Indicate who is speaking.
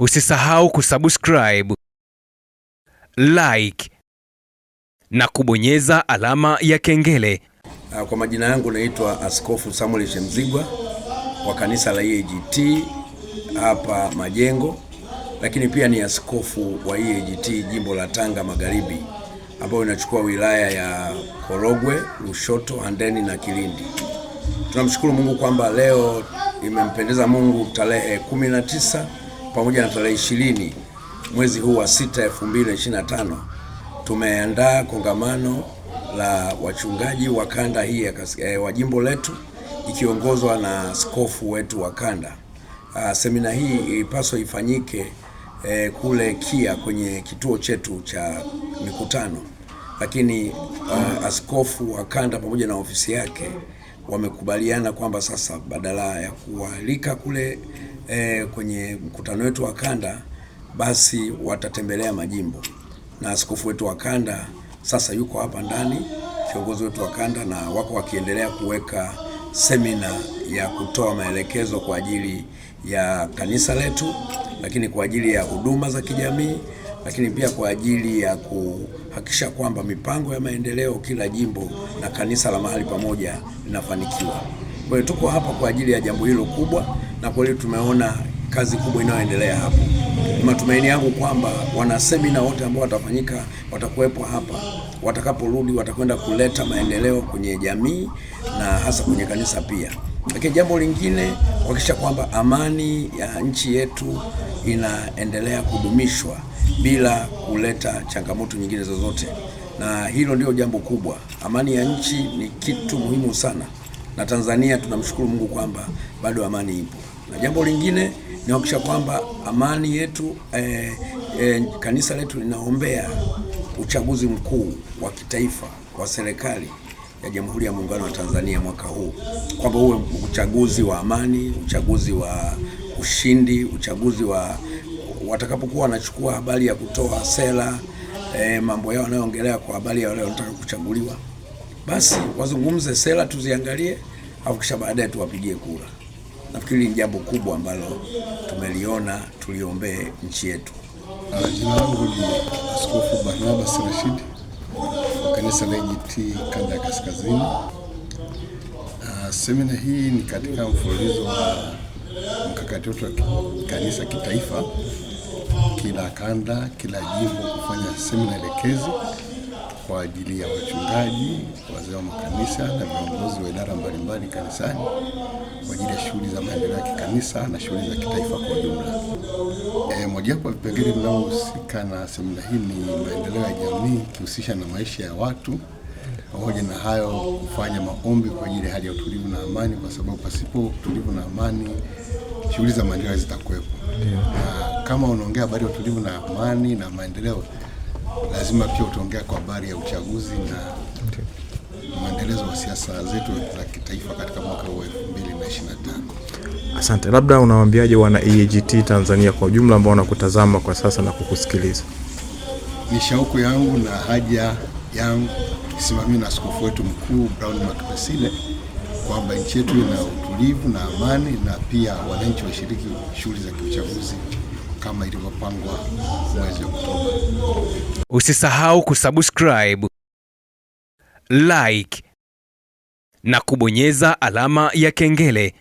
Speaker 1: Usisahau kusubscribe, like na kubonyeza alama ya kengele.
Speaker 2: Ah, kwa majina yangu naitwa Askofu Samuel Shemzigwa wa kanisa la EAGT hapa Majengo, lakini pia ni askofu wa EAGT jimbo la Tanga Magharibi ambayo inachukua wilaya ya Korogwe, Lushoto, Handeni na Kilindi. Tunamshukuru Mungu kwamba leo imempendeza Mungu tarehe 19 pamoja na tarehe ishirini mwezi huu wa sita elfu mbili ishirini na tano tumeandaa kongamano la wachungaji wa kanda hii eh, wa jimbo letu ikiongozwa na skofu wetu wa kanda. Ah, semina hii ipaswa ifanyike eh, kule KIA kwenye kituo chetu cha mikutano, lakini uh, askofu wa kanda pamoja na ofisi yake wamekubaliana kwamba sasa badala ya kualika kule eh, kwenye mkutano wetu wa kanda, basi watatembelea majimbo na askofu wetu wa kanda sasa yuko hapa ndani, viongozi wetu wa kanda na wako wakiendelea kuweka semina ya kutoa maelekezo kwa ajili ya kanisa letu, lakini kwa ajili ya huduma za kijamii, lakini pia kwa ajili ya kuhakikisha kwamba mipango ya maendeleo kila jimbo na kanisa la mahali pamoja linafanikiwa. Kwa hiyo tuko hapa kwa ajili ya jambo hilo kubwa na kweli tumeona kazi kubwa inayoendelea hapo. Ni matumaini yangu kwamba wana semina wote ambao watafanyika watakuwepo hapa, watakaporudi watakwenda kuleta maendeleo kwenye jamii na hasa kwenye kanisa pia. Lakini jambo lingine, kuhakikisha kwamba amani ya nchi yetu inaendelea kudumishwa bila kuleta changamoto nyingine zozote, na hilo ndio jambo kubwa. Amani ya nchi ni kitu muhimu sana, na Tanzania tunamshukuru Mungu kwamba bado amani ipo. Na jambo lingine ni kuhakikisha kwamba amani yetu eh, eh, kanisa letu linaombea uchaguzi mkuu wa kitaifa wa serikali ya Jamhuri ya Muungano wa Tanzania mwaka huu, kwamba uwe uchaguzi wa amani, uchaguzi wa ushindi, uchaguzi wa watakapokuwa wanachukua habari ya kutoa sera eh, mambo yao wanayoongelea kwa habari ya wale wanataka kuchaguliwa, basi wazungumze sera, tuziangalie, afu kisha baadaye tuwapigie kura nafikiri ni jambo kubwa ambalo tumeliona, tuliombee nchi yetu. Ah, jina langu ni Askofu Barnabas Rashid wa kanisa la AGT kanda ya Kaskazini. Ah, semina hii ni katika mfululizo wa mkakati wetu wa kanisa kitaifa, kila kanda, kila jimbo kufanya semina elekezi kwa ajili ya wachungaji, wazee wa makanisa na viongozi wa idara mbalimbali kanisani kwa ajili ya shughuli za maendeleo ya kikanisa na shughuli za kitaifa kwa ujumla. E, mojawapo ya vipengele vinavyohusika na semina hii ni maendeleo ya jamii kihusisha na maisha ya watu pamoja na hayo kufanya maombi kwa ajili ya hali ya utulivu na amani, kwa sababu pasipo utulivu na amani shughuli za maendeleo zitakuwepo. Na kama unaongea habari ya utulivu na amani na maendeleo lazima pia utaongea kwa habari ya uchaguzi na maendelezo wa siasa zetu za kitaifa katika mwaka huu 2025.
Speaker 3: Asante, labda unawaambiaje wana EAGT Tanzania kwa ujumla ambao wanakutazama kwa sasa na kukusikiliza?
Speaker 2: Ni shauku yangu na haja yangu tukisimamia na askofu wetu mkuu Brown Mapesile kwamba nchi yetu ina utulivu na amani na pia wananchi washiriki shughuli za kiuchaguzi kama ilivyopangwa mwezi Oktoba.
Speaker 1: Usisahau kusubscribe, like na kubonyeza alama ya kengele